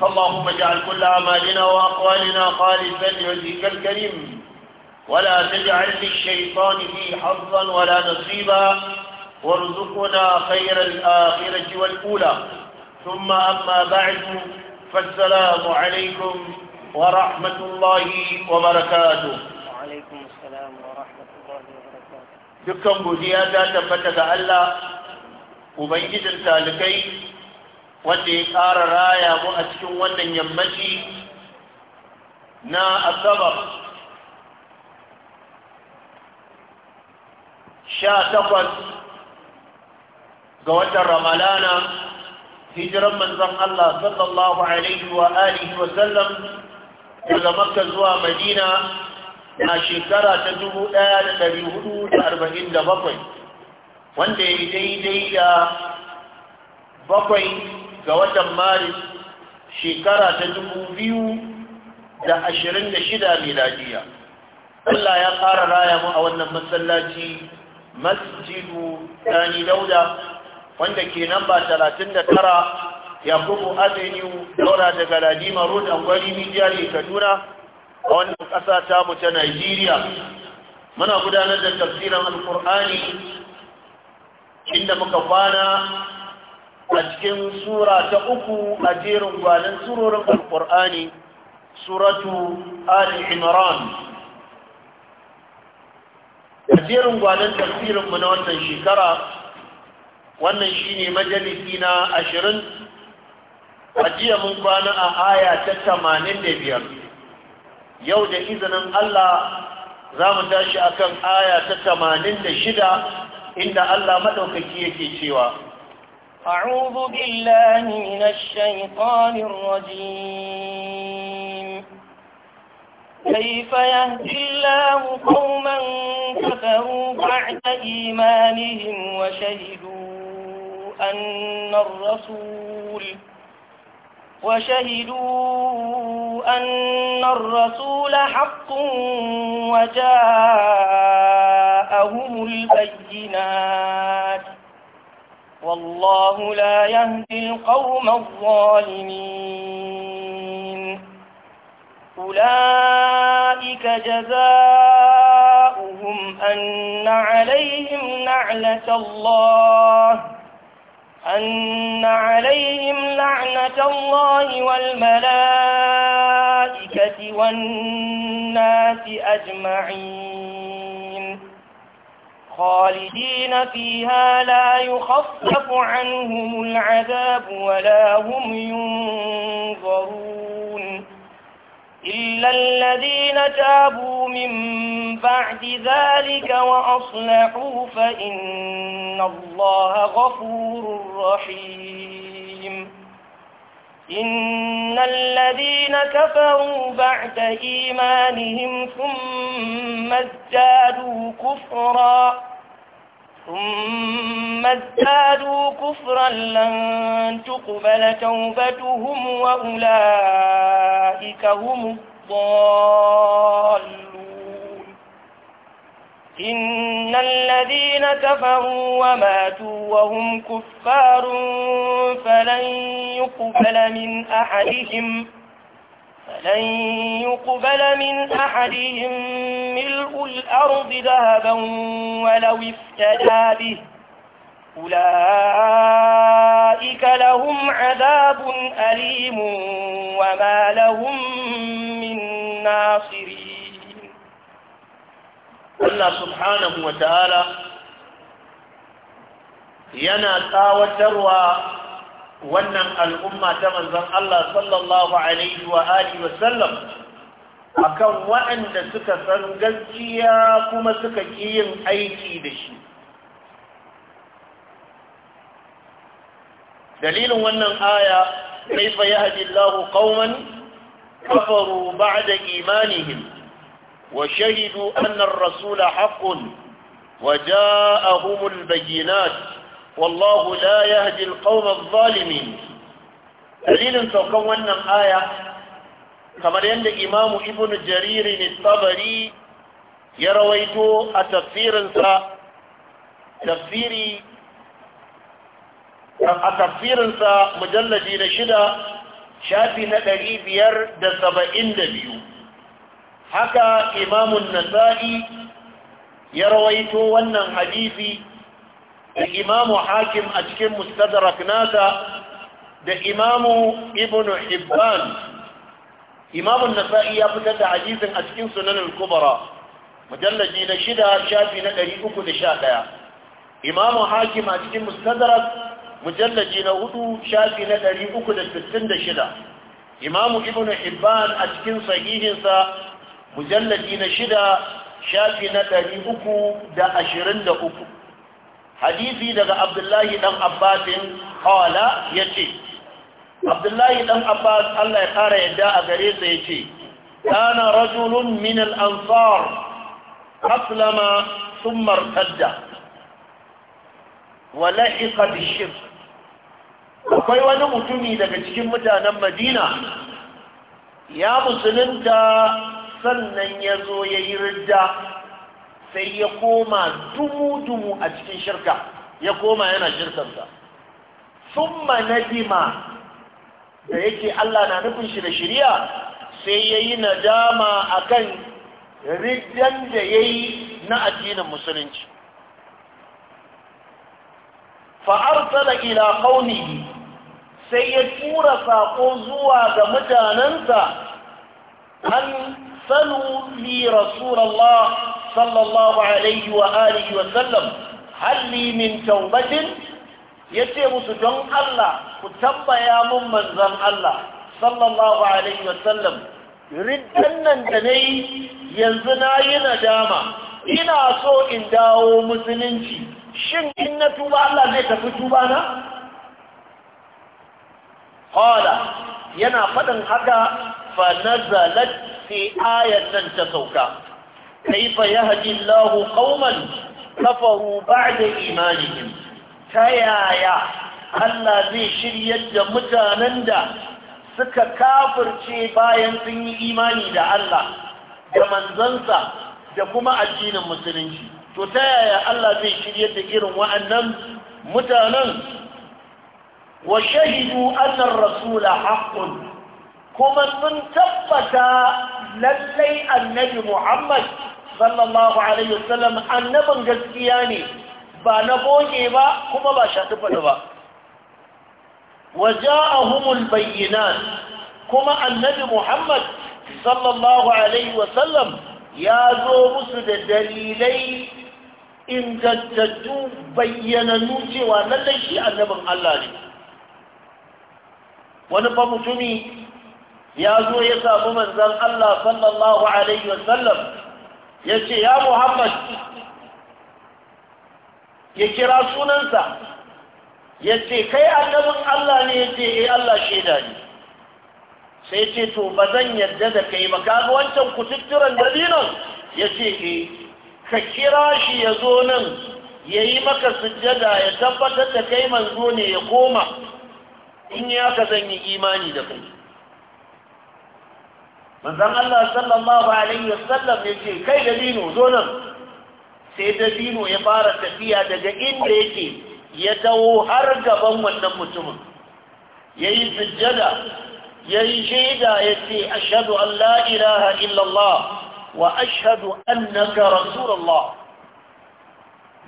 فاللهم اجعل كل أعمالنا وأقوالنا خالصا لوجهك الكريم ولا تجعل للشيطان فيه حظا ولا نصيبا وارزقنا خير الآخرة والأولى ثم أما بعد فالسلام عليكم ورحمة الله وبركاته وعليكم السلام ورحمة الله وبركاته دكم بوديا ذات الله وبنجد التالكين wanda ya ƙara raya mu a cikin wannan yammaci na asabar sha takwas ga watan ramalana hijiran manzan Allah sallallahu alaihi wa alihi wa sallam daga makka zuwa madina a shekara ta dubu ɗaya da ɗari hudu da arba'in da bakwai wanda ya yi daidai da bakwai ga watan maris shekara ta dubu biyu da ashirin da shida miladiya Allah ya fara raya mu a wannan masallaci masjidu dani dauda wanda ke namba talatin da tara yakubu avenue daura daga ladima road angwari mijiyar kaduna a wannan ƙasa tamu ta Najeriya muna gudanar da tafsirin alkur'ani inda muka kwana a cikin sura ta uku a jerin gwanin surorin alkur'ani suratu ali imran a jerin gwanin tafsirinmu na wannan shekara wannan shine majalisi na ashirin a jiya mun kwana a aya ta tamanin da biyar yau da izinin allah za mu tashi akan aya ta tamanin da shida inda allah maɗaukaki yake cewa أعوذ بالله من الشيطان الرجيم كيف يهدي الله قوما كفروا بعد إيمانهم وشهدوا أن الرسول وشهدوا أن الرسول حق وجاءهم البينات والله لا يهدي القوم الظالمين أولئك جزاؤهم أن عليهم نعلة الله أن عليهم لعنة الله والملائكة والناس أجمعين خالدين فيها لا يخفف عنهم العذاب ولا هم ينظرون إلا الذين تابوا من بعد ذلك وأصلحوا فإن الله غفور رحيم إن الذين كفروا بعد إيمانهم ثم ازدادوا كفراً ثم ازدادوا كفرا لن تقبل توبتهم وأولئك هم الضالون إن الذين كفروا وماتوا وهم كفار فلن يقبل من أحدهم فلن يقبل من أحدهم ملء الأرض ذهبا ولو افتدى به أولئك لهم عذاب أليم وما لهم من ناصرين الله سبحانه وتعالى ينا tsawatarwa wannan al'umma ta manzon Allah sallallahu alaihi wa alihi wa sallam akan waɗanda suka san gaskiya kuma suka ƙi yin aiki da shi dalilin wannan aya kaifa yahdi Allahu qauman kafaru ba'da imanihim wa shahidu anna rasula haqqun wa ja'ahumul bayyinat wallahu la yahdi alqawma adh-dhalimin dalilin saukan wannan aya kamar yadda imamu ibnu jarir ne ya rawaito a tafsirinsa tafsiri a mujallaji na shida shafi na ɗari biyar da saba'in da biyu haka imamun nasa'i ya rawaito wannan hadisi da imamu hakim a cikin mustadrak nasa da imamu ibn hibban imamun nasa'i ya fitar da hadisin a cikin sunan al-kubra mujallaji na shida shafi na 311 imamu hakim a cikin mustadrak mujallaji na hudu shafi na 366 imamu ibn hibban a cikin sahihinsa mujallaji na shida shafi na hadisi daga abdullahi dan abbasin ya yace abdullahi dan abbas Allah ya ƙara yadda a gare sa yace kana rajulun min al-ansar aslama thumma irtadda wa lahiqa bishirk akwai wani mutumi daga cikin mutanen madina ya musulunta sannan ya zo ya yi ridda sai ya koma dumu-dumu a cikin shirka ya koma yana shirkansa sun nadima da yake Allah na nufin shi da shirya sai ya yi nadama a kan riddan da ya yi na addinin musulunci fa'arsala ila kauni. sai ya tura saƙo zuwa ga mutanensa an sanu li rasulallah صلى الله عليه وآله وسلم هل لي من توبة يتيم سجن الله كتبا يا من زن الله صلى الله عليه وسلم riddan nan da nayi yanzu na yi nadama ina so in dawo musulunci shin in na tuba Allah zai tafi tuba na? Kola yana faɗin haka fa nazalat fi nan ta sauka كيف يهدي الله قوما كفروا بعد ta yaya Allah zai shiryar da mutanen da suka kafurce bayan sun yi imani da Allah da manzansa da kuma addinin musulunci to ta yaya Allah zai shirya da irin wa'annan mutanen wa shahidu annar rasula haqqun kuma sun tabbata lallai annabi Muhammad sallallahu alaihi wasallam annaban gaskiya ne ba na boke ba kuma ba shafi faɗi ba waja'ahumul bayyinat kuma annabi Muhammad sallallahu alaihi wasallam ya zo musu da dalilai ingantattu bayyananu cewa lallai shi annabin Allah ne wani fa mutumi ya zo ya samu manzon Allah sallallahu alaihi wasallam ya ce ya muhammad ya kira sunansa ya ce kai annabin allah ne ya ce ya eh, allah shaida ne sai ce to ba zan yadda da kai ba kaga wancan kututturan dalilan ya ce eh, ka kira shi ya zo nan ya yi maka sujjada ya tabbatar da kai manzo ne ya koma in ya ka zan yi imani da kai manzon Allah sallallahu alaihi wasallam yace kai dabino zo nan sai dabino ya fara tafiya daga inda yake ya dawo har gaban wannan mutumin yayi sujjada yayi shaida ce "Ashadu an la ilaha illallah wa ashhadu annaka rasulullah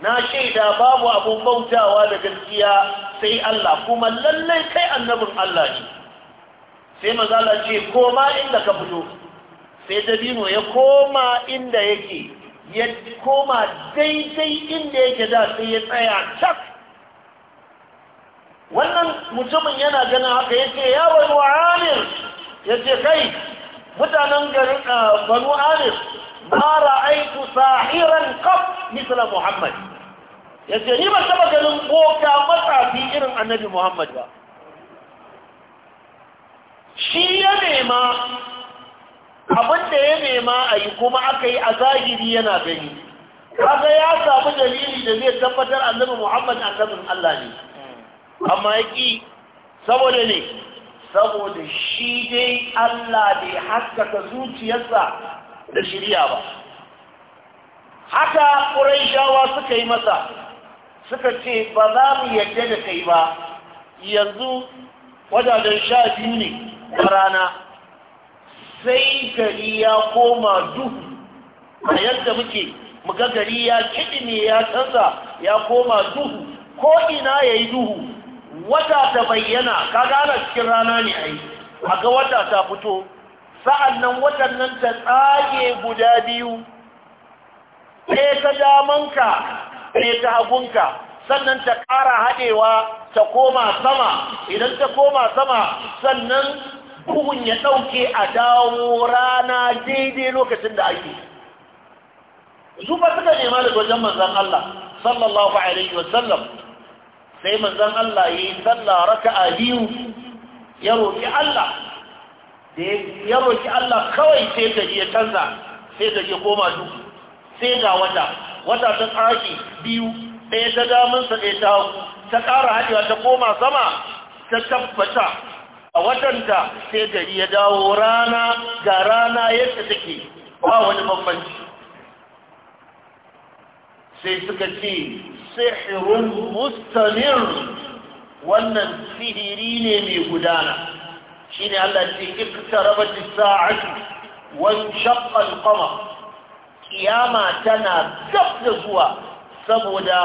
na shaida babu abun bautawa da gaskiya sai Allah kuma lallai kai annabin Allah ne sai mazala ce koma inda ka fito sai dabino ya koma inda yake ya koma daidai inda yake da sai ya tsaya cak wannan mutumin yana ganin haka ya ce yawon wa'amir ya ce kai mutanen garin banu amir ma ra'aitu sahiran kaf misla muhammad ya ce ni ba taba ganin boka matsafi irin annabi muhammad ba ya nema abin da ya nema a yi kuma aka yi a zahiri yana gani kaga ya samu dalili da zai tabbatar annabi muhammad annabin allah ne amma ya saboda ne saboda shi dai allah bai haskaka zuciyarsa da shirya ba haka shawa suka yi masa suka ce ba za mu yadda da kai ba yanzu wajajen sha biyu ne rana sai gari ya koma duhu a yadda muke muka gari ya kidime ya canza ya koma duhu ko ina ya yi duhu wata ta bayyana ka gane cikin rana ne a yi a wata ta fito sa'an nan watan ta tsage guda biyu ɗaya ta damanka ɗaya ta hagunka sannan ta ƙara haɗewa ta koma sama idan ta koma sama sannan bugun ya ɗauke a dawo rana daidai lokacin da ake su ba suka nema da wajen manzan Allah sallallahu alaihi wasallam sai manzan Allah ya yi sallah raka a biyu ya roƙi Allah da ya roƙi Allah kawai sai ta ya canza sai ta ya koma duhu sai ga wata wata ta tsaki biyu ɗaya ta damunsa ɗaya ta ta ƙara haɗewa ta koma sama ta tabbata a watanta sai gari ya dawo rana ga rana yadda take ba wani bambanci sai suka ce sihirun mustamir wannan sihiri ne mai gudana shi ne Allah ce iktarabat sa'atu wan wani al-qamar kiyama tana gab da zuwa saboda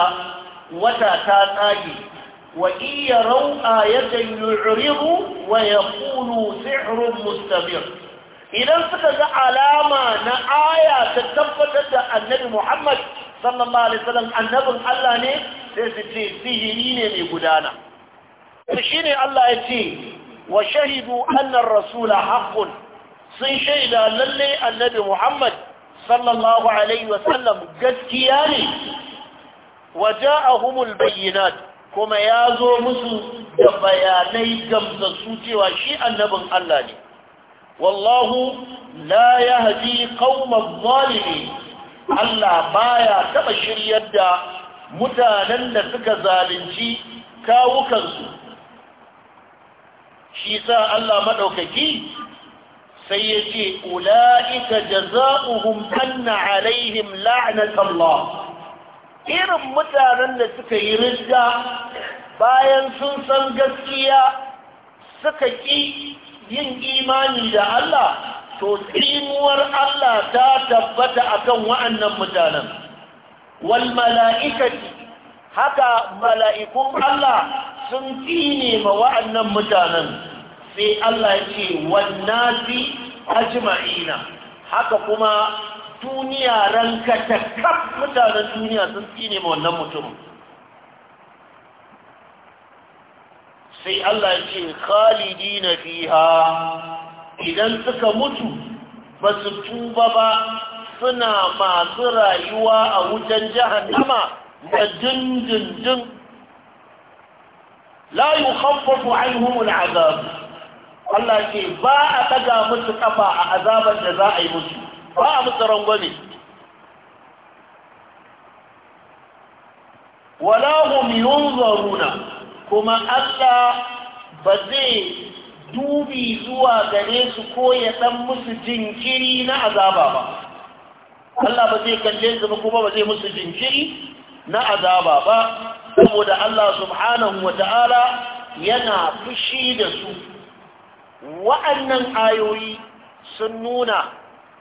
wata ta tsage وإن يروا آية يعرضوا ويقولوا سحر مستمر idan suka ga alama na aya ta tabbatar da annabi Muhammad sallallahu alaihi wasallam annabin Allah ne sai su ce ne mai gudana to shine Allah ya ce wa shahidu anna ar-rasula sun shaida lallai annabi Muhammad sallallahu alaihi gaskiya ne wa ja'ahumul kuma ya zo musu da bayanai gamsassu cewa shi annabin Allah ne wallahu la haji qauman zalimin Allah baya taba shiryar da mutanen da suka zalunci kawukansu shi sa Allah maɗaukaki? sai ya ce ula'ika jaza'uhum anna alaihim allah irin mutanen da suka yi ridda bayan sun san gaskiya suka ƙi yin imani da Allah to tsinuwar Allah ta tabbata akan wa'annan mutanen wal mala'ikati haka mala'ikun Allah sun tsine ma wa'annan mutanen sai Allah ce wannasi fi haka kuma duniya ranka ta kaf mutanen duniya sun tsine ma wannan mutum sai Allah ya ce khalidina fiha idan suka mutu ba su tuba ba suna masu rayuwa a wutan jahannama da dindindin la yukhaffafu anhum al'azab Allah ce ba a daga musu kafa a azabar da za a yi musu ba a musu rangwame wala yunzaruna kuma Allah ba zai dubi zuwa gare su ko ya dan musu jinkiri na azaba ba Allah ba zai kalle su kuma ba zai musu jinkiri na azaba ba saboda Allah subhanahu wata'ala yana fushi da su wa'annan ayoyi sun nuna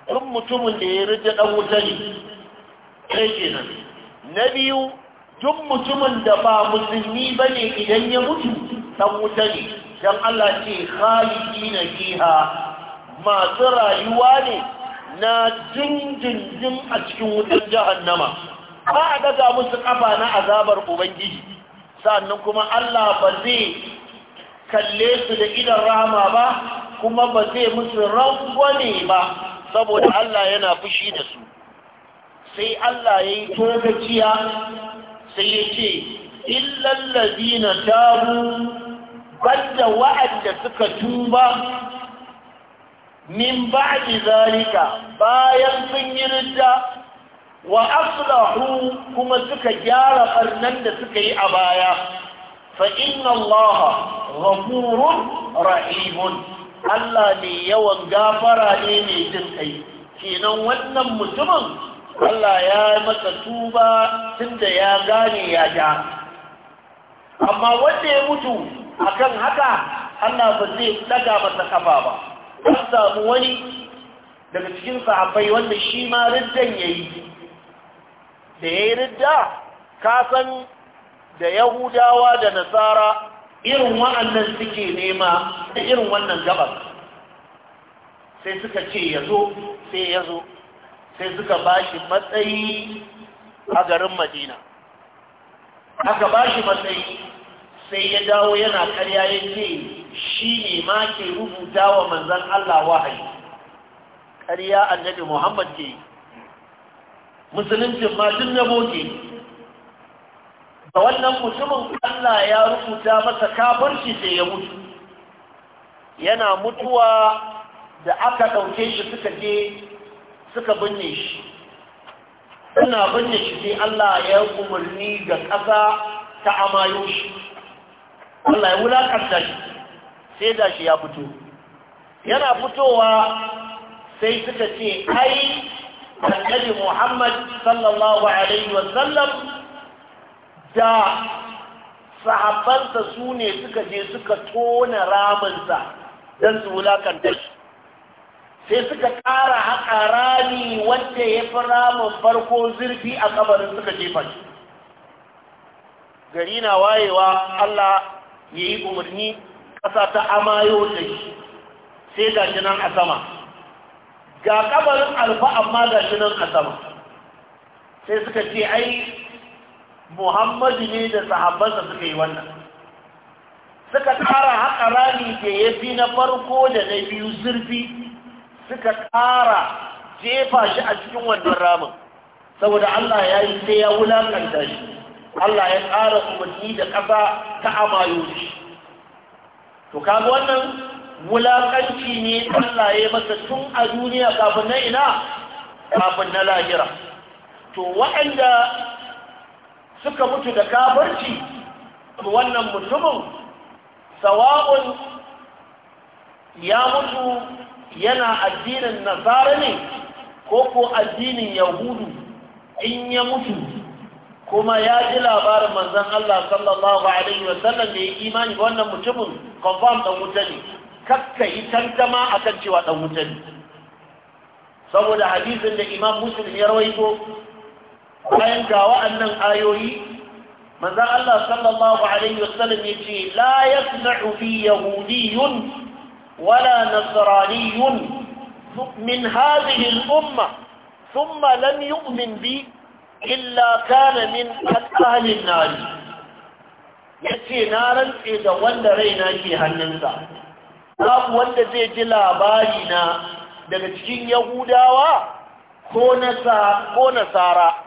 in mutumin da ya rija ɗan wuta ne kai kenan na biyu duk mutumin da ba musulmi ba ne idan ya mutu ɗan wuta ne don Allah ce khaliki na fiha masu rayuwa ne na jinjinjin a cikin wutar jahannama ba a daga musu kafa na azabar ubangiji sannan kuma Allah ba zai kalle su da idan rama ba kuma ba zai musu rangwane ba saboda Allah yana fushi da su sai Allah ya yi tokaciya sai ya ce illallazi na tabu banda wa'adda suka tuba min ba'di zalika bayan sun yi ridda wa aslahu kuma suka gyara barnan da suka yi a baya fa inna allaha ghafurur rahimun Allah ne yawan gafara ne mai jin kai kenan wannan mutumin Allah ya masa tuba tunda ya gane ya ja amma wanda ya mutu akan haka Allah ba zai daga masa kafa ba an samu wani daga cikin sahabbai wanda shi ma riddan yayi da yayi ridda ka san da Yahudawa da Nasara irin wa'annan suke nema da irin wannan gabar sai suka ce ya zo sai ya zo sai suka ba shi matsayi a garin madina aka ba shi matsayi sai ya dawo yana karya ya ce shi ne ma ke rubuta wa manzan Allah wahayi karya annabi Muhammad ke musulunci ma duk na boke da wannan mutumin Allah ya rubuta masa kafirci sai ya mutu yana mutuwa da aka ɗauke shi suka je suka binne shi suna binne shi sai Allah ya umarni ga ƙasa ta amayo shi Allah ya wulaƙanta shi sai da shi ya fito yana fitowa sai suka ce ai annabi Muhammad sallallahu alaihi wasallam da sahabbansa su ne suka je suka tona ramansa don su wulakanta shi sai suka ƙara haƙa rami wanda ya fi ramin farko zurfi a kabarin suka jefa shi gari na wayewa Allah ya yi umarni ƙasa ta amayo da shi sai ga shi nan a sama ga kabarin alfa amma ga shi nan a sama sai suka ce ai muhammadu ne da sahabbansa suka yi wannan suka ƙara haka rami da ya fi na farko da na biyu zurfi suka ƙara jefa shi a cikin wannan ramin saboda allah ya yi sai ya wulakanta shi allah ya ƙara umarni da ƙasa ta amayo shi to kaga wannan wulaƙanci ne allah ya masa tun a duniya kafin na ina kafin na lahira to waɗanda suka mutu da kafirci wannan mutumin sawa'un ya mutu yana addinin nasara ne ko ko addinin yahudu in ya mutu kuma ya ji labarin manzan Allah sallallahu alaihi wasallam da ya imani wannan mutumin confirm ɗan wuta ne kakka yi tantama akan cewa ɗan wuta ne saboda hadisin da imam muslim ya rawaito bayan ga wa'annan ayoyi manzon Allah sallallahu alaihi wasallam yace la yasma'u fi yahudiyyun wala nasraniyyun min hadhihi al-umma thumma lam yu'min bi illa kana min ahli an-nar yace na rantse da wanda raina ke hannunsa babu wanda zai ji labari na daga cikin yahudawa ko ko nasara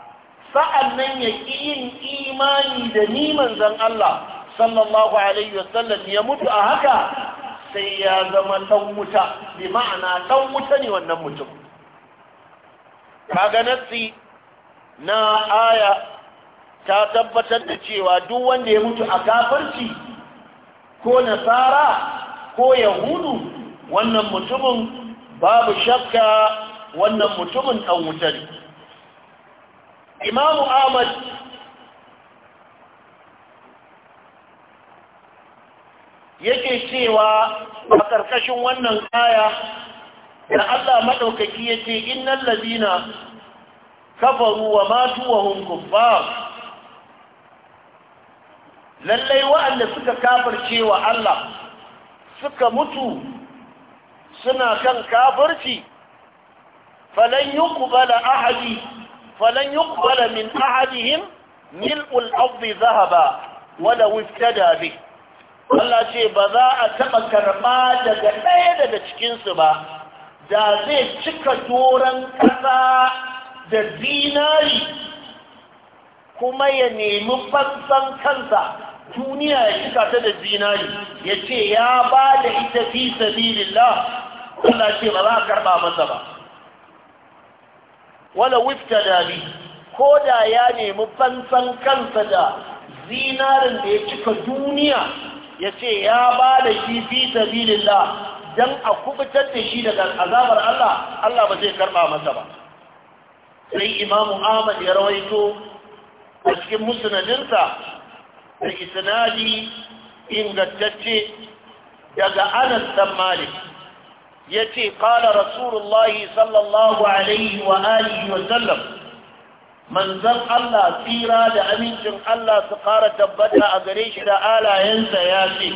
sa'annan ya ƙi yin imani da ni zan Allah sallallahu alaihi wasallam ya mutu a haka sai ya zama ɗan wuta bi ma'ana ɗan wuta ne wannan mutum kaga na aya ta tabbatar da cewa duk wanda ya mutu a kafarci, ko nasara ko yahudu wannan mutumin babu shakka wannan mutumin ɗan wuta ne imamu ahmad yake cewa a ƙarƙashin wannan kaya da Allah maɗaukaki ya ce innan lalina kafaru wa matu wa lallai wa'anda suka kafarcewa wa Allah suka mutu suna kan kafarci. falan yi ahadi falan yuqbala min ahadihim mil'ul ardi dhahaba wala wiftada bi Allah ce ba za a taɓa karɓa daga ɗaya daga cikinsu ba da zai cika doron ƙasa da zinari kuma ya nemi fansan kansa duniya ya cika ta da zinari ya ce ya ba da ita fi sabilillah Allah ce ba za a karɓa masa ba wala wiftada bi ko da ya nemi fansan kansa da zinarin da ya cika duniya ya ce ya ba da shi fi sabilillah dan a kubutar da shi daga azabar Allah Allah ba zai karba masa ba sai imamu Ahmad ya rawaito a cikin musnadinsa da isnadi ingantacce daga Anas dan Malik ya ce ƙala rasulullahi sallallahu alaihi wa alihi wa sallam manzan Allah tsira da amincin Allah su ƙara tabbata a gare shi da alayensa ya ce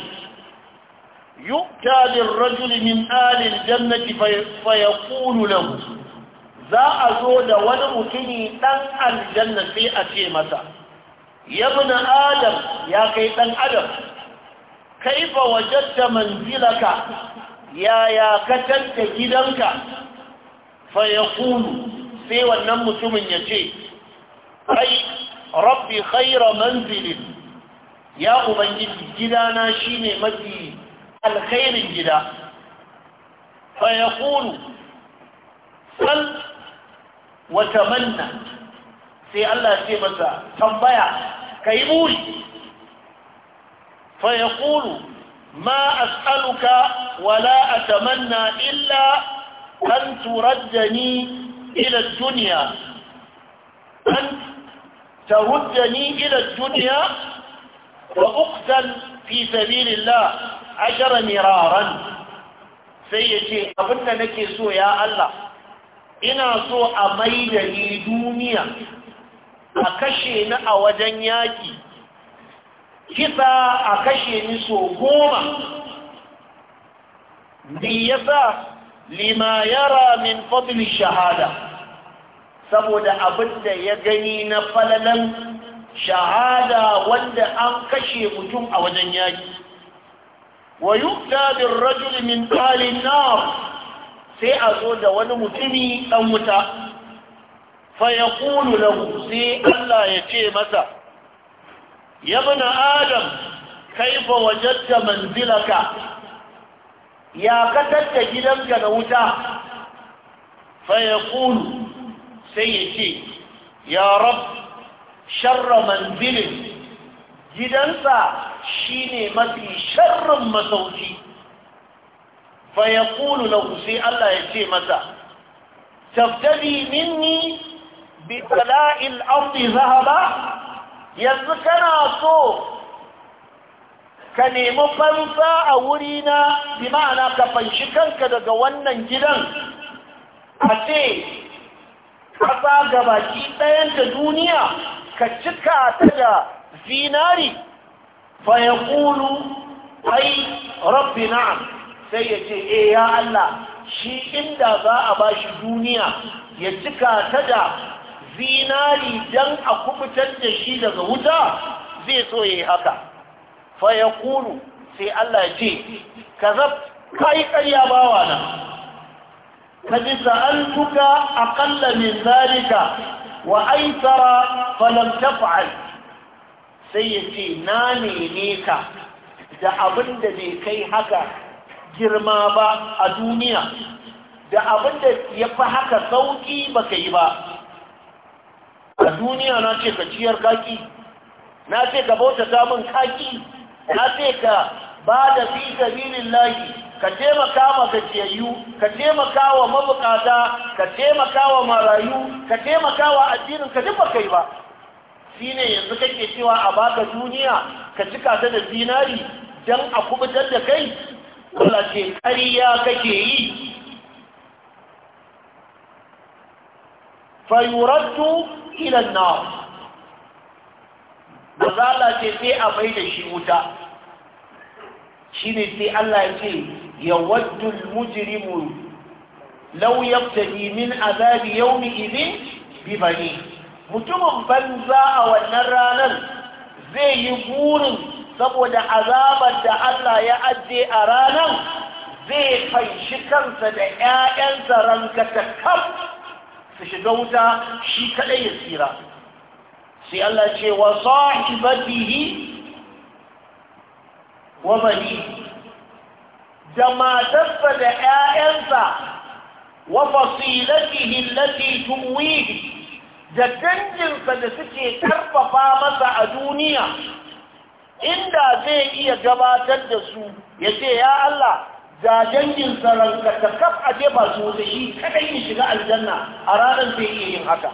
yu'ta lil rajuli min alil jannati fa yaqulu lahu za a zo da wani mutumi dan aljanna sai a ce masa yabna adam ya kai dan adam kaifa wajadta manzilaka yaya ka tanta gidanka fa yaqulu sai wannan mutumin ya ce ai rabbi khayra manzilin ya ubangiji gidana shine mafi alkhairin gida fa yaqulu sal wa sai Allah ya ce masa tambaya kai buri fa yaqulu ما أسألك ولا أتمنى إلا أن تردني إلى الدنيا أن تردني إلى الدنيا وأقتل في سبيل الله عشر مرارا سيجي أبنى لك سوء يا الله إنا سوء ميدني دنيا أكشي نأ وجنياكي kisa a kashe ni so goma ni yasa lima yara min fadli shahada saboda abinda ya gani na falalan shahada wanda an kashe mutum a wajen yaki wa yukta bin rajul min alin nar sai a zo da wani mutumi dan wuta fa yaqulu lahu sai Allah ya ce masa ya bana adam kaifa wajadta manzilaka ya katatta gidanka na wuta fa Kulu sai ce ya rab sharra manzilin gidansa shine mafi sharrin masauki fa Kulu na sai Allah ce masa tabtadi minni bi tala'il ardi zahaba yanzu kana so ka nemi fansa a wurina na ma'ana ka fanshi kanka daga wannan gidan a ce ƙasa gabaki ɗayan da duniya ka cika ta da zinari fa ya ƙulu ai rabbi na'am sai ya ce e ya Allah shi inda za a ba shi duniya ya cika ta da zinari dan a kubutar da shi daga wuta zai so ya yi haka fa yaqulu sai Allah ya ce ka kai karya bawa na kaji a ƙalla min zalika wa aitara fa lam sai ya ce na neme ka da abin da bai kai haka girma ba a duniya da abin da ya fi haka sauƙi ka yi ba a duniya na ce ka ciyar kaki na ce ka bauta samun kaki na ce ka ba da fi sabilin layi ka taimaka ma gajiyayyu ka taimaka wa mabukata ka taimaka wa marayu ka taimaka wa addinin ka duk kai ba shi ne yanzu kake cewa a baka duniya ka cika ta da zinari don a kubutar da kai Wala ce ƙarya kake yi fayuraddu ila an-nar ce sai a mai da shi wuta shine sai Allah ya ce yawaddu al-mujrimu law yabtadi azabi yawmi idhin bi bani mutumin banza a wannan ranar zai yi burin saboda azabar da Allah ya ajiye a ranar zai fanshi kansa da 'ya'yansa rankata su shiga wuta shi kaɗai ya tsira sai Allah ce wa sahibatihi wa bani da matarsa da ƴaƴansa wa fasilatihi allati tuwihi da danginsa da suke karfafa masa a duniya inda zai iya gabatar da su ya ce ya Allah Da dangin tsaron kaf a jefa su wuta shi kadai ya shiga aljanna a ranar zai iya yin haka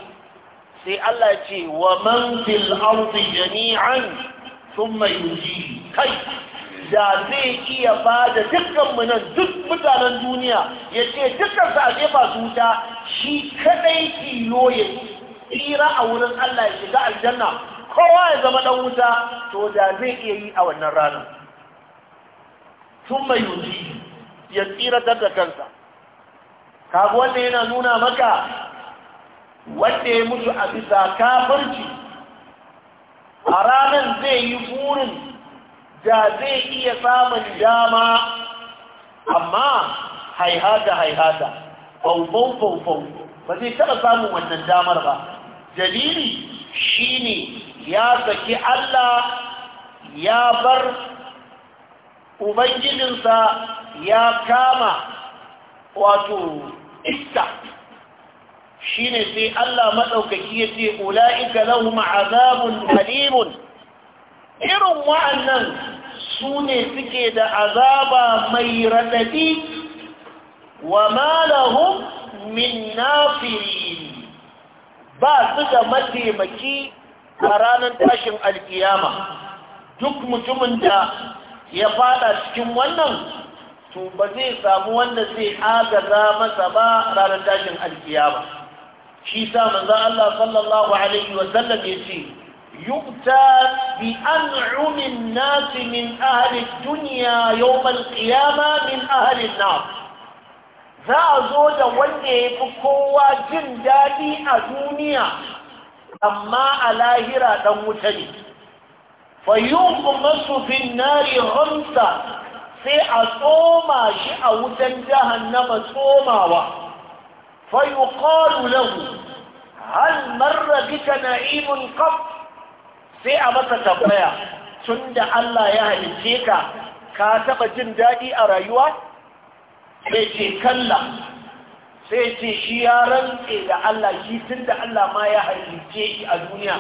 sai Allah ce wa man fil ardi jami'an thumma yuji kai da zai iya ba da dukkan mu nan duk mutanen duniya ya ce dukkan sa a jefa su wuta shi kadai tilo ya tsira a wurin Allah ya shiga aljanna kowa ya zama dan wuta to da zai iya yi a wannan ranar thumma yuji ya tsiratar da kansa kaga wanda yana nuna maka wanda ya mutu a bisa kafarci a ranar zai yi burin da zai iya samun dama amma haihata haihata faufau faufau ba zai taɓa samun wannan damar ba dalili ne ya saki Allah ya bar ubangijinsa ya kama wato shi shine sai Allah ya yace ulaika lahum azabun Halimun. irin wa'annan su ne suke da azaba mai raɗaɗi. wa ma min ba su da mataimaki a ranar tashin alkiyama duk mutumin da ya fada cikin wannan to ba zai samu wanda zai agaza masa ba ranar tashin alkiyama shi sa manzo Allah sallallahu alaihi wa sallam yace yukta bi an'umin nas min ahli dunya yawm alqiyama min ahli an-nar za a zo da wanda ya fi kowa jin daɗi a duniya amma a lahira ɗan wuta ne fa yi masu fin nari hamsa sai a tsoma shi a wutan jahannama tsomawa fayuqalu lahu hal marra bika na'imun qab sai a masa tambaya da Allah ya halice ka ka taba jin daɗi a rayuwa sai ce kalla sai ce shi ya rantse da Allah shi tunda Allah ma ya halice shi a duniya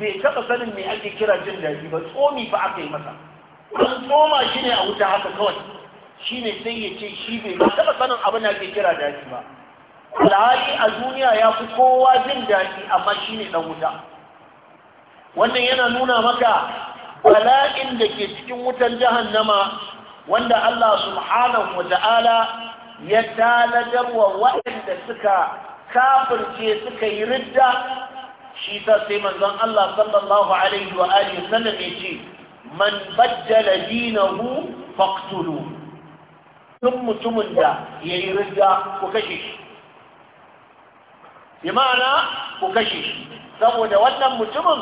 bai taɓa sanin me ake kira jin daɗi ba tsomi fa aka yi masa an tsoma shi ne a wuta haka kawai shi ne sai ya ce shi bai ba taba sanin abin da ake kira daɗi ba alhali a duniya ya fi kowa jin daji amma shi ne dan wuta wannan yana nuna maka bala'in da ke cikin wutan jahannama wanda Allah subhanahu wa ta'ala ya taladar wa waɗanda suka kafirce suka yi ridda shi ta sai manzon Allah sallallahu alaihi wa alihi ya ce man baddala dinahu faqtulu Tun mutumin da yi riga ku kashe shi bi ma'ana ku kashe shi saboda wannan mutumin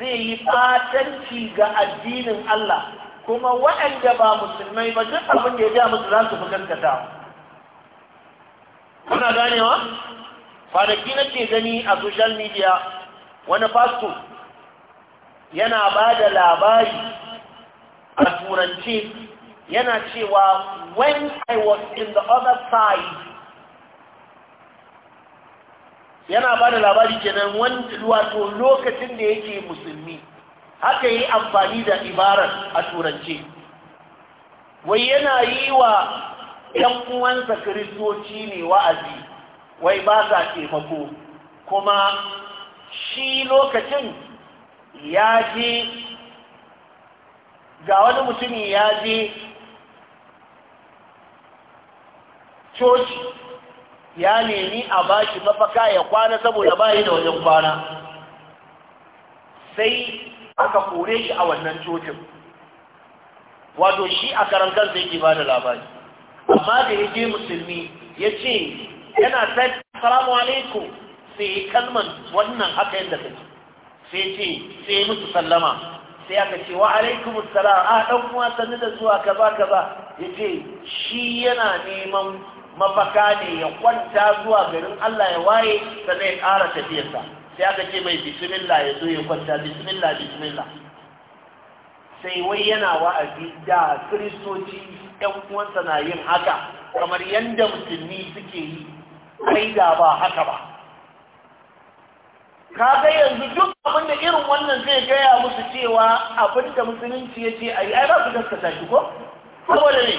zai yi fatanci ga addinin Allah kuma waɗanda ba musulmai ba duk abin da ya ja musu za su fi gaskata kuna ganewa kwanaki nake gani a social media wani pastor yana ba da labari a turance yana cewa when I was in the other side yana ba da labari kenan wato lokacin da yake musulmi haka yi amfani da ibarar a turance wai yana yi wa ‘yan uwansa kiristoci ne wa'azi wai ba sa taimako kuma shi lokacin ya je ga wani mutumi ya je coci ya nemi a bashi mafaka ya kwana saboda bayi da wajen kwana sai aka kore shi a wannan cocin wato shi a karan kansa yake ba da labari amma da ya je musulmi ya ce yana sai salamu alaikum sai kalman wannan haka yadda kake sai ce sai musu sallama sai aka ce wa alaikum a ah, dan uwa da zuwa kaza kaza yace shi yana neman mafaka ne ya kwanta zuwa garin Allah ya waye ta zai ƙara tafiyarsa sai aka ce mai bismillah ya zo ya kwanta bismillah bismillah sai wai yana wa'azi da kiristoci ɗan uwansa na yin haka kamar yadda musulmi suke yi kai da ba haka ba ka ga yanzu duk abinda irin wannan zai gaya musu cewa abinda musulunci ya ce a yi ba su gaskata shi ko saboda ne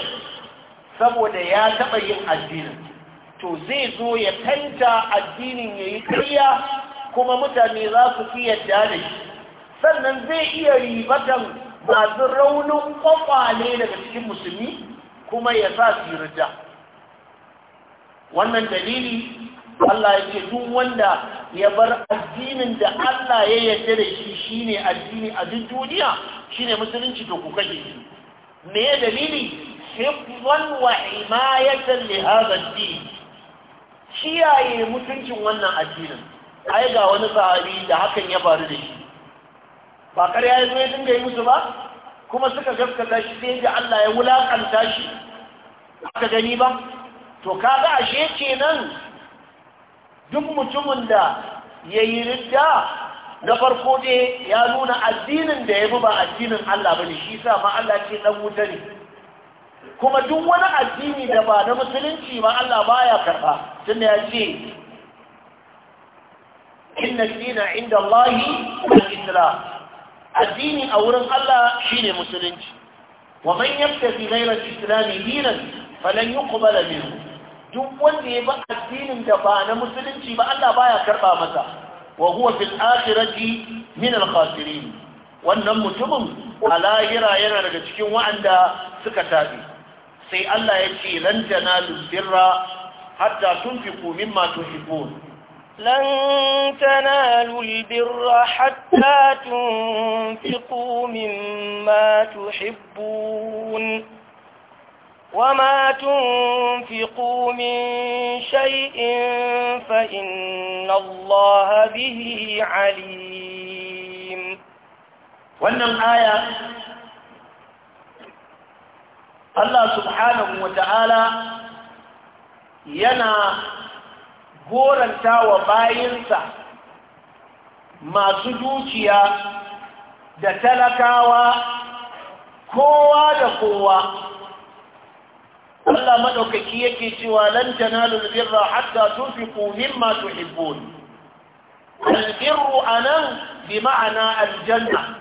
saboda ya taɓa yin addinin to zai zo ya tanta addinin ya yi ƙarya kuma mutane za su fi yadda da shi sannan zai iya ribatan masu raunin kwakwale daga cikin musulmi kuma ya sa su yi wannan dalili Allah ya ce duk wanda ya bar addinin da Allah ya yarda da shi shine addini a duk duniya shine musulunci to ku kashe shi me ya dalili hifzan wa himayatan li hadha ad-din kiyaye mutuncin wannan addinin ai ga wani sahabi da hakan ya faru da shi ba ƙarya ya zo ya dinga yi musu ba kuma suka gaskata shi sai da Allah ya wulakanta shi aka gani ba to kaga ashe kenan duk mutumin da ya yi ridda na farko ne ya nuna addinin da ya bi ba addinin Allah ba ne shi sa ma Allah ce ɗan wuta ne kuma duk wani addini da ba na musulunci ba Allah baya karɓa tunda ya ce inna dina inda Allahi al-islam addini a wurin Allah shine musulunci wa man yabtaghi ghayra al-islam dinan falan yuqbala minhu duk wanda ya ba addinin da ba na musulunci ba Allah baya karba masa wa huwa fil akhirati min al khasirin wannan mutumin alahira yana daga cikin wa'anda suka tabi sai Allah ya ce lan tanalu birra hatta tunfiqu mimma tuhibbun لن تنالوا البر حتى تنفقوا مما تحبون وما تنفقوا من شيء فإن الله به عليم wannan aya Allah subhanahu wa ta'ala yana goranta wa bayinsa masu dukiya da talakawa kowa da kowa Allah madaukaki yake cewa lan tanalul birra hatta tunfiqu mimma tuhibbun albirru anan bi ma'ana aljanna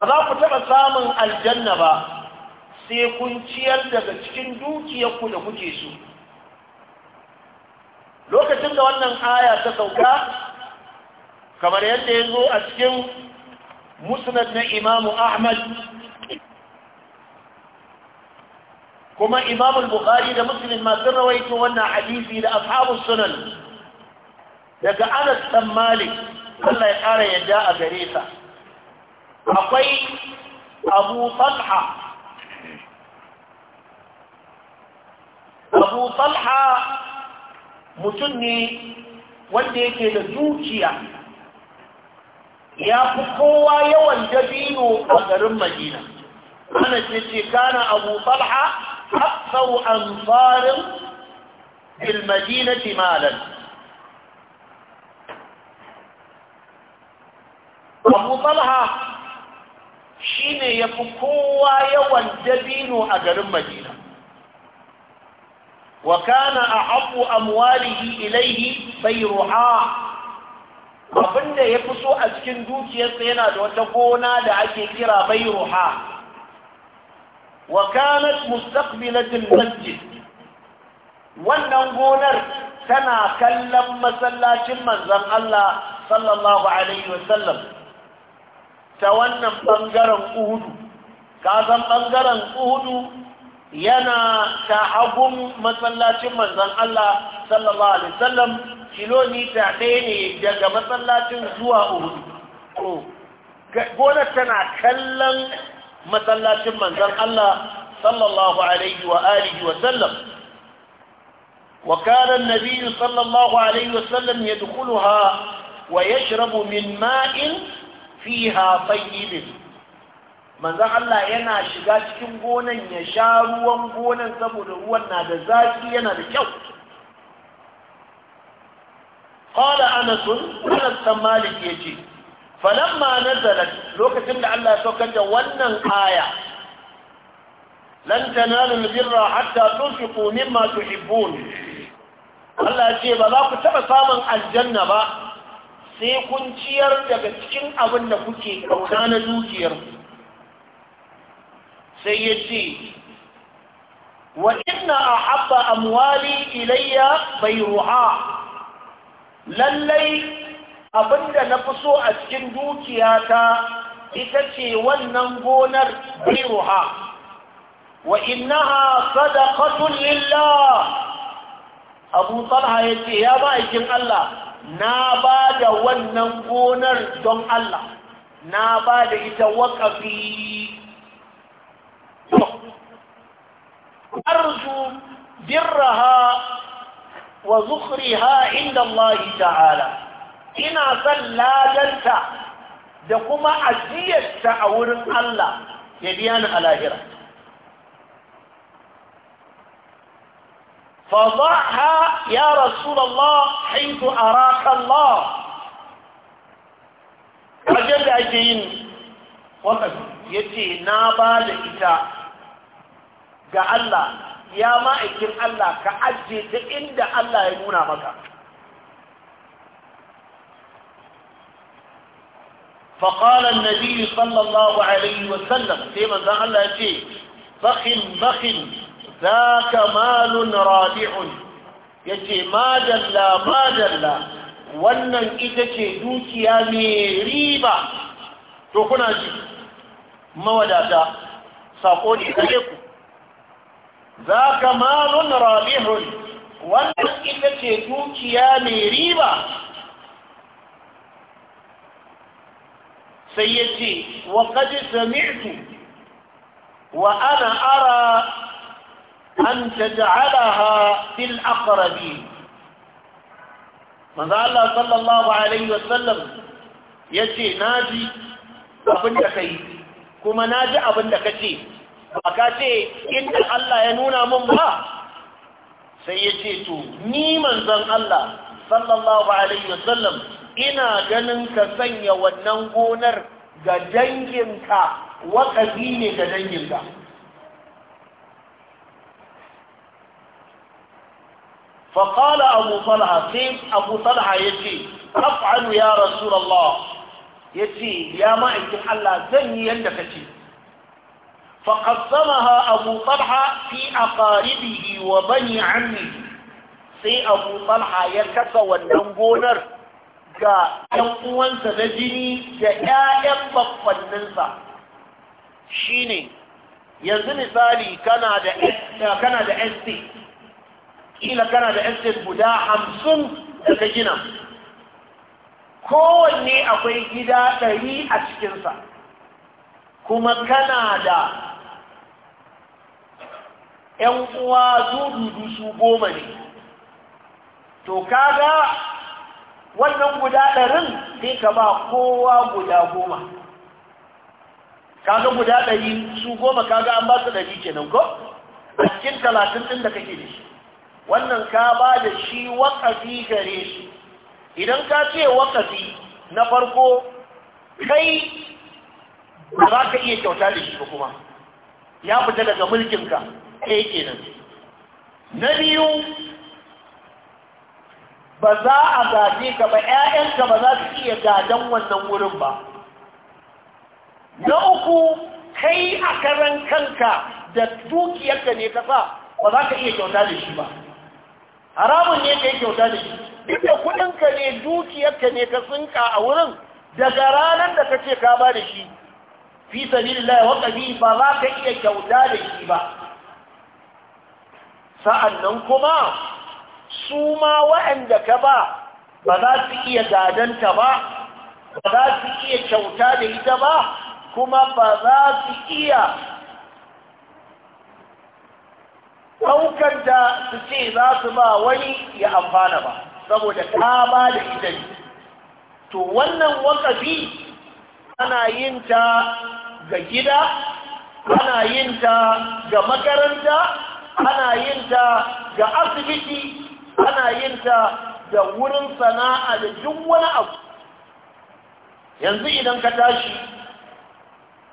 ba za ku taɓa samun aljanna ba sai kun ciyar daga cikin dukiyarku da kuke so lokacin da wannan aya ta sauka kamar yadda ya zo a cikin musnad na imamu ahmad kuma imam al-bukhari da muslim ma sun rawaito wannan hadisi da ashabu sunan daga anas dan malik Allah ya kara yadda a gare sa akwai abu talha abu talha mutum ne wanda yake da zuciya ya fi kowa yawan dabino a garin madina ana ce ce kana abu talha أكثر أنصار بالمدينة مالا أبو طلحة شين يفكوا يوان دبينو أجر المدينة وكان أحب أمواله إليه بيرعاء abinda يفسو fi so a cikin كرا yana وكانت مستقبلة المسجد wannan gonar tana kallon masallacin manzon Allah sallallahu alaihi wasallam ta wannan bangaren Uhudu kazan bangaren Uhudu yana ta abun masallacin manzon Allah sallallahu alaihi wasallam kilomita ɗaya ne daga masallacin zuwa Uhudu gonar tana kallon masallacin Manzan Allah sallallahu alaihi wa alihi wa sallam وكان النبي صلى الله عليه وسلم يدخلها ويشرب من ماء فيها طيب Manzan Allah yana shiga cikin gonan ya sha ruwan gonan saboda ruwan na da zafi yana da kyau qala anas anas ya ce. falamma nazalat lokacin da Allah ya saukar da wannan aya lan tanalu birra hatta tunfiqu mimma tuhibbun Allah ce ba za ku taba samun aljanna ba sai kun ciyar daga cikin abin da kuke kauna na dukiyar sai ya ce wa inna ahabba amwali ilayya bayruha lallai abinda na fi so a cikin dukiyata ita ce wannan gonar biruha wa ha? sadaqatun lillah abu talha ya ce ya ba aikin Allah na ba da wannan gonar don Allah na ba da ita waƙafi arzu birraha wa zukriha inda Allah ta'ala ina son ladanta da kuma ajiyarta a wurin Allah ya biya ni a lahira فضعها يا رسول الله حيث أراك الله da ake yin wakafi ya ce na ba da ita ga Allah ya ma'aikin Allah ka ajiye ta inda Allah ya nuna maka فقال النبي صلى الله عليه وسلم كما ذا الله يجي بخ ذاك مال رادع يجي ما دلا ما دلا wannan ita ce dukiya mai riba to kuna ji mawadata sako ne kare ku za ka malun rabihun wannan ita ce dukiya mai riba sai ya ce wa kaji sami'tu wa ana ara an taj'alaha fil aqrabi manzo Allah sallallahu alaihi wa wasallam yace naji abin da kai kuma naji abin da kace ba ka ce inda Allah ya nuna min ba sai yace to ni manzon Allah sallallahu alaihi wa sallam. ina ganin ka sanya wannan gonar ga danginka wakafi ne ga danginka فقال أبو طلحة سيد أبو طلحة يتي أفعل يا رسول الله يتي يا ما إنك الله زني يندك فقسمها أبو طلحة في أقاربه وبني عمه سي أبو طلحة يكسى والنمبونر ga ‘yan uwansa na jini da ‘ya'yan babbanninsa shi ne yanzu misali kana da estate ƙila kana da estate guda hamsin daga gina kowanne akwai gida ɗari a cikinsa kuma kana da ‘yan uwa zududu su goma ne to kaga wannan guda ɗarin sai ka ba kowa guda goma kaga guda ɗari su goma kaga an ba su ɗari kenan ko a cikin talatin ɗin da kake da shi wannan ka ba da shi wakafi gare su. idan ka ce wakafi na farko kai ba za ka iya kyauta da shi ba kuma ya fita daga mulkinka ɗaya kenan na biyu ba za a gaje ka ba ‘ya'yanka ba za su iya gajen wannan wurin ba na uku kai a karan kanka da dukiyarka ne ka sa ba za ka iya kyauta da shi ba haramun ne ka yi kyauta da shi duk da kudinka ne dukiyarka ne ka tsinka a wurin daga ranar da ka ce ka ba da shi fi sabilillah wa qabi ba za ka iya kyauta da shi ba sa'annan kuma su ma waɗanda ka ba ba za su iya gadanta ba ba za su iya kyauta da ita ba kuma ba za su iya ɗaukanta su ce za su ba wani ya amfana ba saboda ta ba da ita ne to wannan wakafi ana yin ta ga gida ana yin ta ga makaranta ana yin ta ga asibiti ana yin ta da wurin sana'a da duk wani abu yanzu idan ka tashi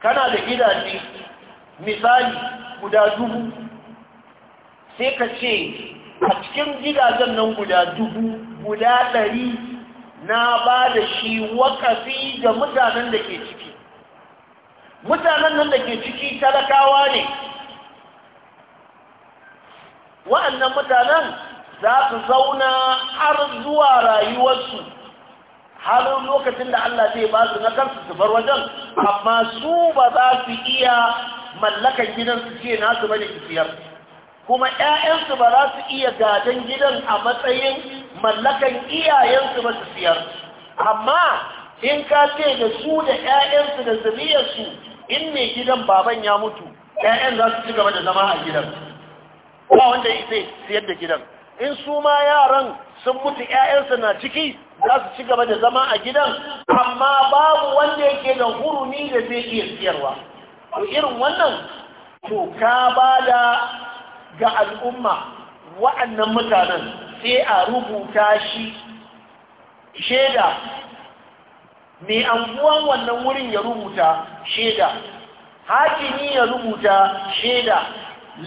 kana da gidaje misali guda dubu sai ka ce a cikin gidajen nan guda dubu guda ɗari na ba da shi wakafi ga mutanen da ke ciki mutanen nan da ke ciki talakawa ne wa'annan mutanen za su zauna har zuwa rayuwarsu har lokacin da Allah zai ba su na kansu su bar wajen amma su ba za su iya mallakan gidan su ce su bane kuma ƴaƴansu ba za su iya gadon gidan a matsayin mallakan iyayensu ba su siyar amma in ka ce da su da ƴaƴansu da zuriyarsu in ne gidan baban ya mutu ƴaƴan za su ci gaba da zama a gidan ba wanda zai siyar da gidan in su ma yaran sun mutu 'ya'yansa na ciki za su ci gaba da zama a gidan amma babu wanda yake da hurumi da zai iya siyarwa to irin wannan to ka ba da ga al'umma wa'annan mutanen sai a rubuta shi shaida mai anguwan wannan wurin ya rubuta shaida hakimi ya rubuta shaida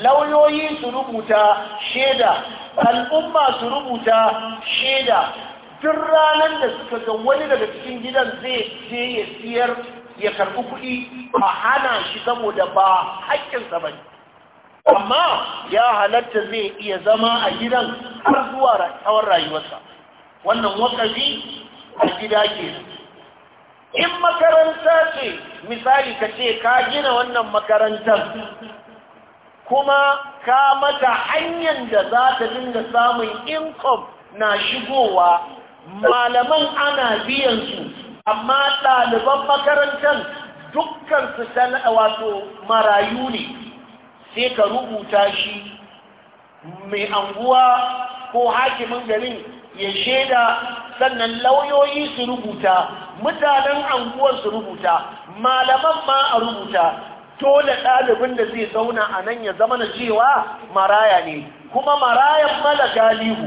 lauyoyi su rubuta shaida al'umma su rubuta shaida duk ranar da suka ga wani daga cikin gidan zai je ya siyar ya karɓi kuɗi a hana shi saboda ba haƙƙinsa ba amma ya halatta zai iya zama a gidan har zuwa tsawon rayuwarsa wannan wakafi a gida ke in makaranta ce misali ka ce ka gina wannan makarantar kuma ka mata hanyar da za ta dinga samun inkom na shigowa malaman ana biyan su amma ɗaliban makarantar dukkan su wato marayu ne sai ka rubuta shi mai anguwa ko hakimin garin ya shaida sannan lauyoyi su rubuta mutanen anguwar su rubuta malaman ma a rubuta dole ɗalibin da zai zauna a nan ya zama na cewa maraya ne kuma marayan mala galihu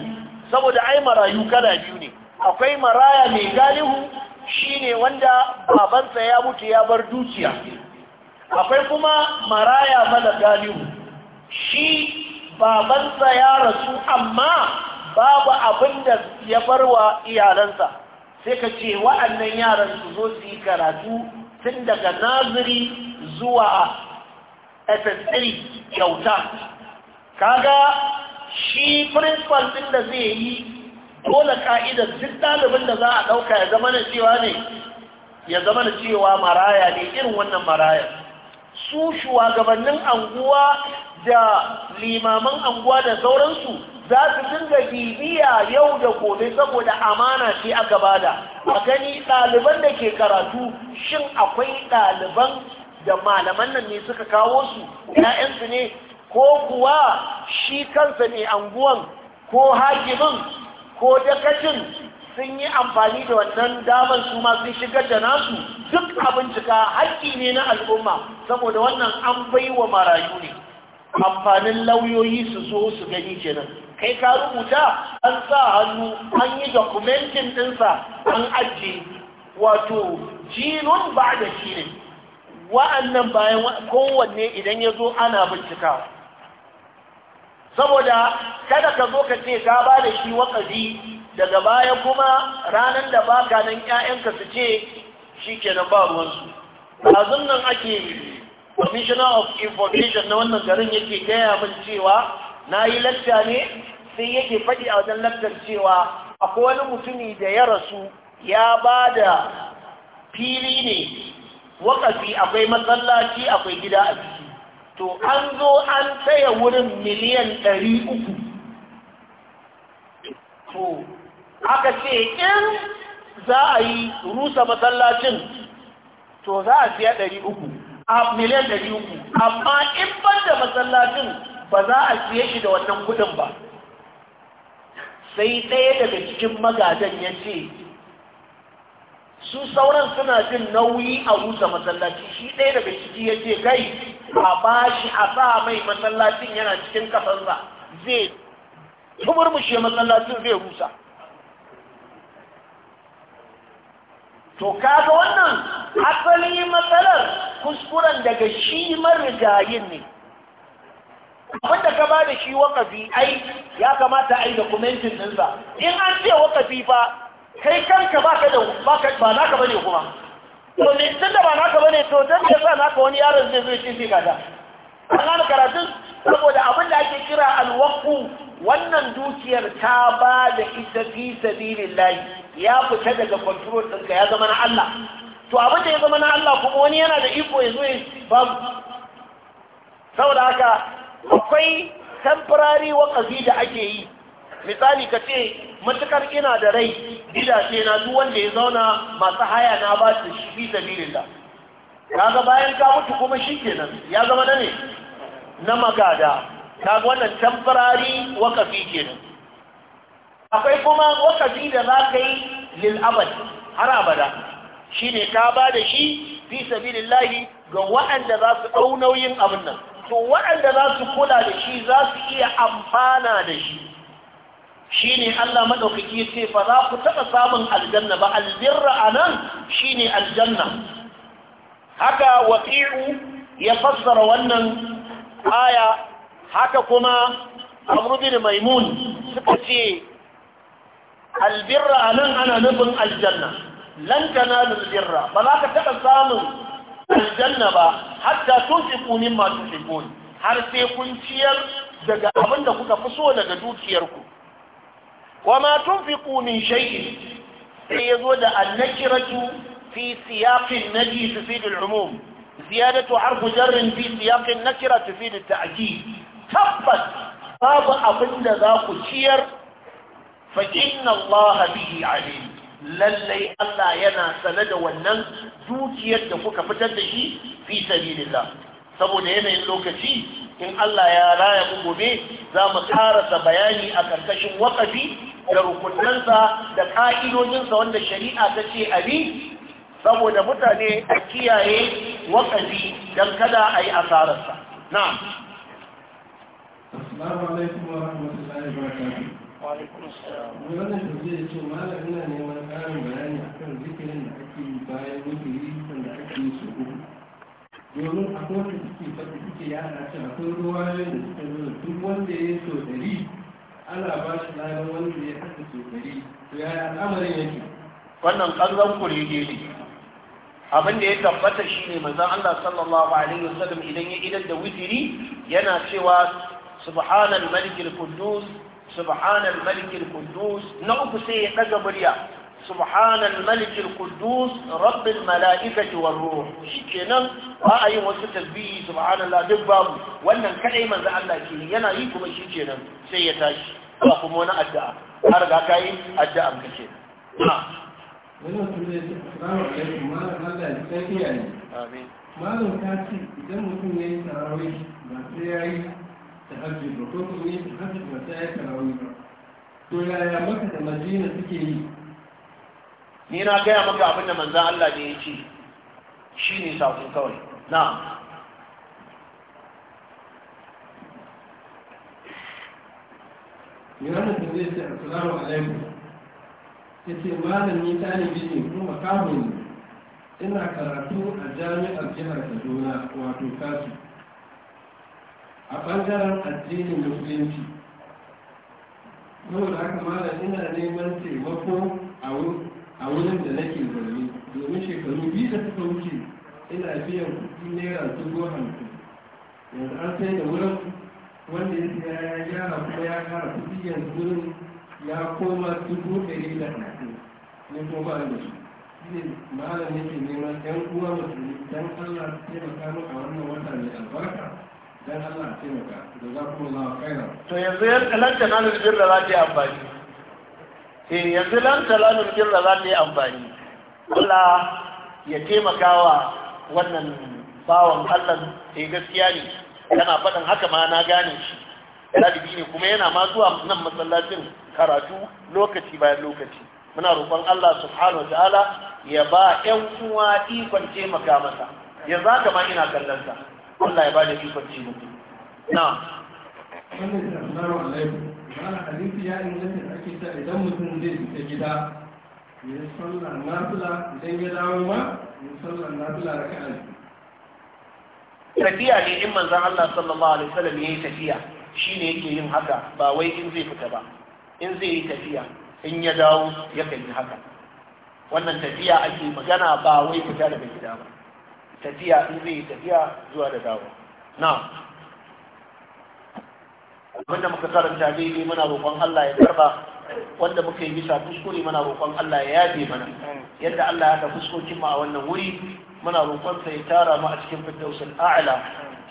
saboda ai marayu kada biyu ne akwai maraya mai galihu shine wanda babansa ya mutu ya bar dukiya akwai kuma maraya mala galihu shi babansa ya rasu amma babu abin da ya wa iyalansa sai ka ce wa'annan yaran su zo su yi karatu tun daga naziri zuwa ss3 kyauta kaga shi principal din da zai yi dole ka'idar duk ɗalibin da za a ɗauka ya zama na cewa ne ya zama na cewa maraya ne irin wannan maraya su shugabannin anguwa da limaman anguwa da sauransu za su dinga bibiya yau da gobe saboda amana ce aka bada a gani ɗaliban da ke karatu shin akwai ɗaliban da malaman nan ne suka kawo su ‘ya'yansu ne ko kuwa shi kansa ne anguwan ko hakimin ko dakacin sun yi amfani da wannan damar su ma sun shigar da nasu duk abincika haƙƙi ne na al'umma saboda wannan an bai wa marayu ne amfanin lauyoyi su zo su gani kenan kai ka rubuta an sa hannu an yi dokumentin ɗinsa an ajiye wato jinun ba da ne. wa'annan bayan kowanne idan ya zo ana bincika. saboda kada ka zo ka ce ka ba da shi wakazi daga baya kuma ranar da baka nan 'ya'yanka su ce shi ke nan ba ruwansu ɗazun nan ake commissioner of information na wannan garin yake gaya min cewa na yi lakta ne sai yake faɗi a wajen laktar cewa akwai wani mutumi da ya rasu ya ba da fili ne waƙafi akwai masallaci akwai gida a ciki to an zo an taya wurin miliyan ɗari uku to aka ce in za a yi rusa masallacin to za a siya ɗari uku a miliyan ɗari uku amma in banda masallacin ba za a siya shi da wannan kudin ba sai ɗaya daga cikin magadan ya ce su sauran suna jin nauyi a rusa masallaci shi ɗaya daga ciki ya ce kai a bashi a sa mai masallacin yana cikin kasansa zai mu shi masallacin zai rusa to kaga wannan asali matsalar kuskuren daga shi marigayin ne abinda ka ba da shi wakafi ai ya kamata ai dokumentin ɗinsa in an ce wakafi fa kai kanka baka da baka ba naka bane kuma to ne tun da ba naka bane to dan me yasa naka wani yaron zai zo ya cinye kaza an karatun saboda abin da ake kira alwaqu wannan dukiyar ta ba da ita fi sabilillahi ya fita daga control ɗinka ya zama na Allah to abin da ya zama na Allah kuma wani yana da iko ya zo ya babu saboda haka akwai temporary waqafi da ake yi misali ka ce matukar ina da rai gidaje na duk wanda ya zauna masu haya na ba su shi fi sabilillah ga bayan ka mutu kuma shi kenan ya zama na ne na magada kaga wannan temporary wakafi kenan akwai kuma wakafi da za ka yi lil abad har abada ne ka ba da shi fi sabilillahi ga waɗanda za su ɗau nauyin abin nan to waɗanda za su kula da shi za su iya amfana da shi shi ne Allah maɗaukaki ce fa za ku taɓa samun aljanna ba albirra a nan shi ne aljanna haka waƙi'u ya fassara wannan aya haka kuma Amurbin maimun suka ce albirra a nan ana nufin aljanna lantana lulbirra ba za ka taɓa samun aljanna ba hatta tun fi kunin masu fi har sai kun ciyar daga abin da kuka fi so daga dukiyarku وما تنفقوا من شيء سيزود النكرة في سياق النجي تفيد العموم زيادة حرف جر في سياق النكرة تفيد التأكيد تبت طاب أبن ذاك الشير فإن الله به عليم للي ألا ينا سند da دوك يدفك da في سبيل الله saboda yanayin lokaci in Allah ya raya mu gobe za mu karasa bayani a karkashin wakafi da rukunansa da ka'idojinsa wanda shari'a ta ce abi saboda mutane a kiyaye wakafi don kada a yi asararsa na Assalamu alaikum wa rahmatullahi wa barakatuh. Wa alaikum assalam. Wannan zai ce malamin ne neman ƙarin bayani akan zikirin da ake bayan wukiri domin a wanda suke fata suke yara ce akwai ruwa da suka nuna duk wanda ya so dari ana ba shi ladan wanda ya kasa so dari to yaya al'amarin yake wannan kallon kurege ne abin da ya tabbata shi ne manzon Allah sallallahu alaihi wasallam idan ya idan da witiri yana cewa subhanal malik al-quddus subhanal malik al na uku sai ya daga murya سبحان الملك القدوس رب الملائكة والروح شكنا وآي وستسبيه سبحان الله دباب وانا كدعي من ذا الله كي ينا يكم شكنا سيتاش وقمونا أدعى أرغا كاي أدعى مكشنا آمين malam ta ce idan mutum ya yi tarawih ba sai ya yi tahajjud ba ko kuma ya yi tahajjud ba sai ya yi tarawih ba to yaya maka da madina suke yi ni na gaya maka abin da manzan Allah ne ya ce shi ne sako kawai na Yawan da zai ce Assalamu alaikum ya ce malami talibi ne kuma kamun ne ina karatu a jami'ar jihar kaduna wato kasu a ɓangaren addinin musulunci yau da haka malam ina neman taimako a a wurin da nake zaune domin shekaru biyu da suka wuce ina biyan kuɗi naira dubu hamsin yanzu an sai da wurin wanda ya siya ya gyara kuma ya kara kuɗi yanzu wurin ya koma dubu ɗari da hamsin ne kuma ba da shi ne malam yake neman ɗan uwa musulmi dan Allah su taimaka min a wannan wata mai albarka dan Allah su taimaka da za kuma za a kaina. to yanzu yadda lantarki na lulubin da za ta yi amfani eh yanzu lan talamin girra za ta yi amfani Allah ya taimaka wa wannan bawan Allah eh gaskiya ne kana faɗin haka ma na gane shi ɗalibi ne kuma yana ma zuwa nan masallacin karatu lokaci bayan lokaci muna roƙon Allah subhanahu ta'ala ya ba ƴan uwa ikon taimaka masa ya za ka ma ina kallon sa Allah ya ba da ikon taimaka na ya idan mutum zai fita gida ya yi sallar nafila idan ya dawo ma ya yi sallar nafila da ka'a tafiya ne in manzan Allah sallallahu alaihi wasallam ya yi tafiya shi ne yake yin haka ba wai in zai fita ba in zai yi tafiya in ya dawo ya kan yi haka wannan tafiya ake magana ba wai fita daga gida ba tafiya in zai yi tafiya zuwa da dawo na'am abinda muka karanta daidai muna roƙon Allah ya karba wanda muka yi bisa kuskure muna roƙon Allah ya yabe mana yadda Allah ya haɗa fuskokin mu a wannan wuri muna roƙon sa ya tara mu a cikin firdausul a'la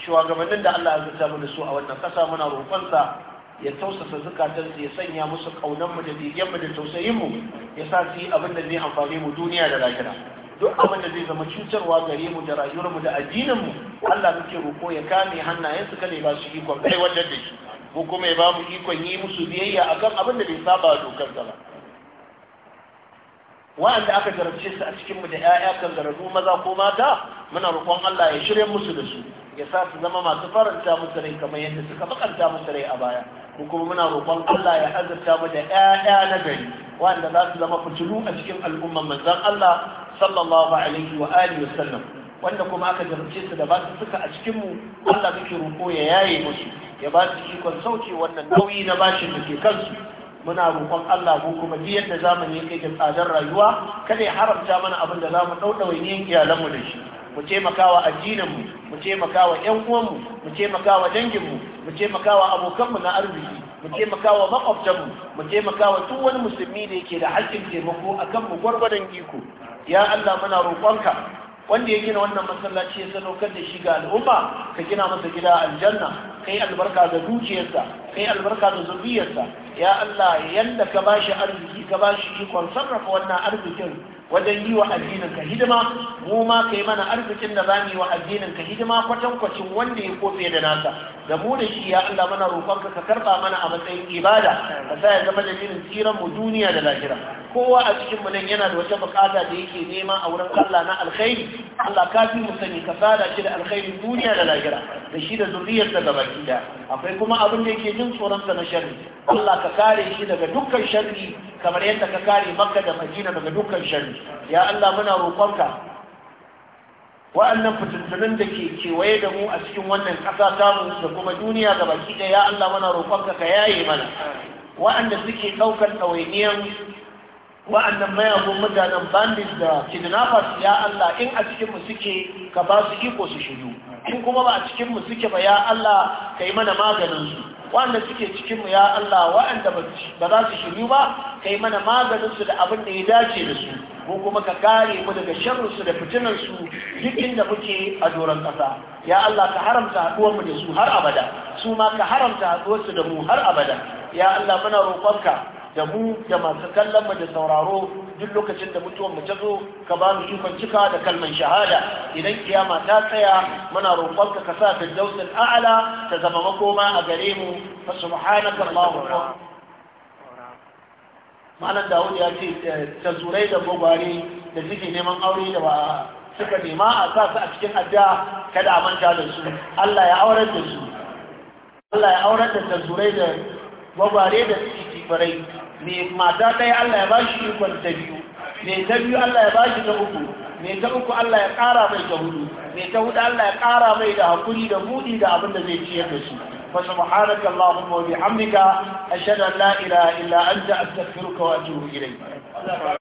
shugabannin da Allah ya zata mu da su a wannan ƙasa muna roƙon sa ya tausasa zukatan ya sanya musu kaunan mu da bigen mu da tausayin mu ya sa su yi abin da zai amfani mu duniya da lahira duk abin da zai zama cutarwa gare mu da rayuwar mu da addinin mu Allah muke roƙo ya kame hannayen su kada ya ba su ikon kai wajen da shi ko kuma ya ba mu ikon yi musu biyayya akan abin da bai saba wa dokar ba wa'anda aka zarce su a cikin mu da 'ya'ya kan zararru maza ko mata muna roƙon Allah ya shirye musu da su ya sa su zama masu faranta musu rai kamar yadda suka bakanta musu rai a baya ko kuma muna roƙon Allah ya azurta mu da 'ya'ya na gari wa'anda za su zama fitilu a cikin al'umman manzon Allah sallallahu alaihi wa alihi wa sallam wanda kuma aka zarce su da ba su suka a cikin mu Allah muke roƙo ya yaye musu ya ba su ikon sauke wannan nauyi na bashin da ke kansu muna roƙon Allah ko kuma ji yadda zamani yake kai da tsadar rayuwa kada ya haramta mana abin da zamu ɗauɗaure ne iyalanmu da shi mu taimakawa addininmu mu taimakawa ƴan uwanmu mu taimakawa danginmu mu taimakawa abokanmu na arziki mu taimakawa makwabtanmu mu taimakawa duk wani musulmi da yake da haƙƙin taimako akan mu gwargwadon iko ya Allah muna roƙonka wanda ya gina wannan masallaci ya sadaukar da shi ga al'umma ka gina masa gida aljanna kai albarka ga dukiyarsa kai albarka da zuriyarsa ya Allah yanda ka ba shi arziki ka bashi ikon sarrafa wannan arzikin wajen yi wa addinin ka hidima mu ma kai mana arzikin da zamu yi wa addinin ka hidima kwatan kwacin wanda ya kofe da nasa da mu da shi ya Allah mana roƙon ka karba mana a matsayin ibada ka sa ya zama dalilin tsiran mu duniya da lahira kowa a cikin mu nan yana da wata bukata da yake nema a wurin Allah na alkhairi Allah kafin mu sani ka sada shi da alkhairin duniya da lahira da shi da zuriyarsa da gabaki da akwai kuma abin da yake jin tsoron sa na sharri Allah ka kare shi daga dukkan sharri kamar yadda ka kare Makka da Madina daga dukkan sharri ya Allah muna roƙonka wa'annan fitintunan da ke kewaye da mu a cikin wannan ƙasa tamu da kuma duniya ga baki ɗaya ya Allah muna roƙonka ka yaye mana wa'anda suke ɗaukar ɗawainiyar wa'annan mayagun mutanen bandit da kidnappers ya Allah in a cikinmu suke ka ba su iko su shiru in kuma ba a cikinmu suke ba ya Allah ka yi mana maganinsu wa'anda suke cikinmu ya Allah wa'anda ba za su shiru ba ka yi mana maganinsu da abin da ya dace da su ko kuma ka kare mu daga sharrinsu da su duk inda muke a doron ƙasa ya Allah ka haramta haɗuwarmu da su har abada su ma ka haramta haɗuwarsu da mu har abada ya Allah muna roƙonka da mu da masu kallon mu da sauraro duk lokacin da mutuwan mu ta zo ka ba mu shukar cika da kalman shahada idan kiyama ta tsaya muna roƙonka ka sa firdausul a'la ta zama makoma a gare mu fa subhanaka allahumma malam dawud ya ce eh, tazurai da gogware da suke neman aure da ba suka nema a sa su a cikin addu'a kada a manta da su Allah ya aurar da su Allah ya aurar da tazurai da gwagware da suke tifarai mai mata ɗaya Allah ya ba shi ikon ta biyu mai ta biyu Allah ya ba shi ta uku mai ta uku Allah ya ƙara mai ta hudu mai ta hudu Allah ya ƙara mai da hakuri da buɗi da abin da zai ciyar da shi fa subhanaka allahumma wa bihamdika ashhadu an la ilaha illa anta astaghfiruka wa atubu ilayk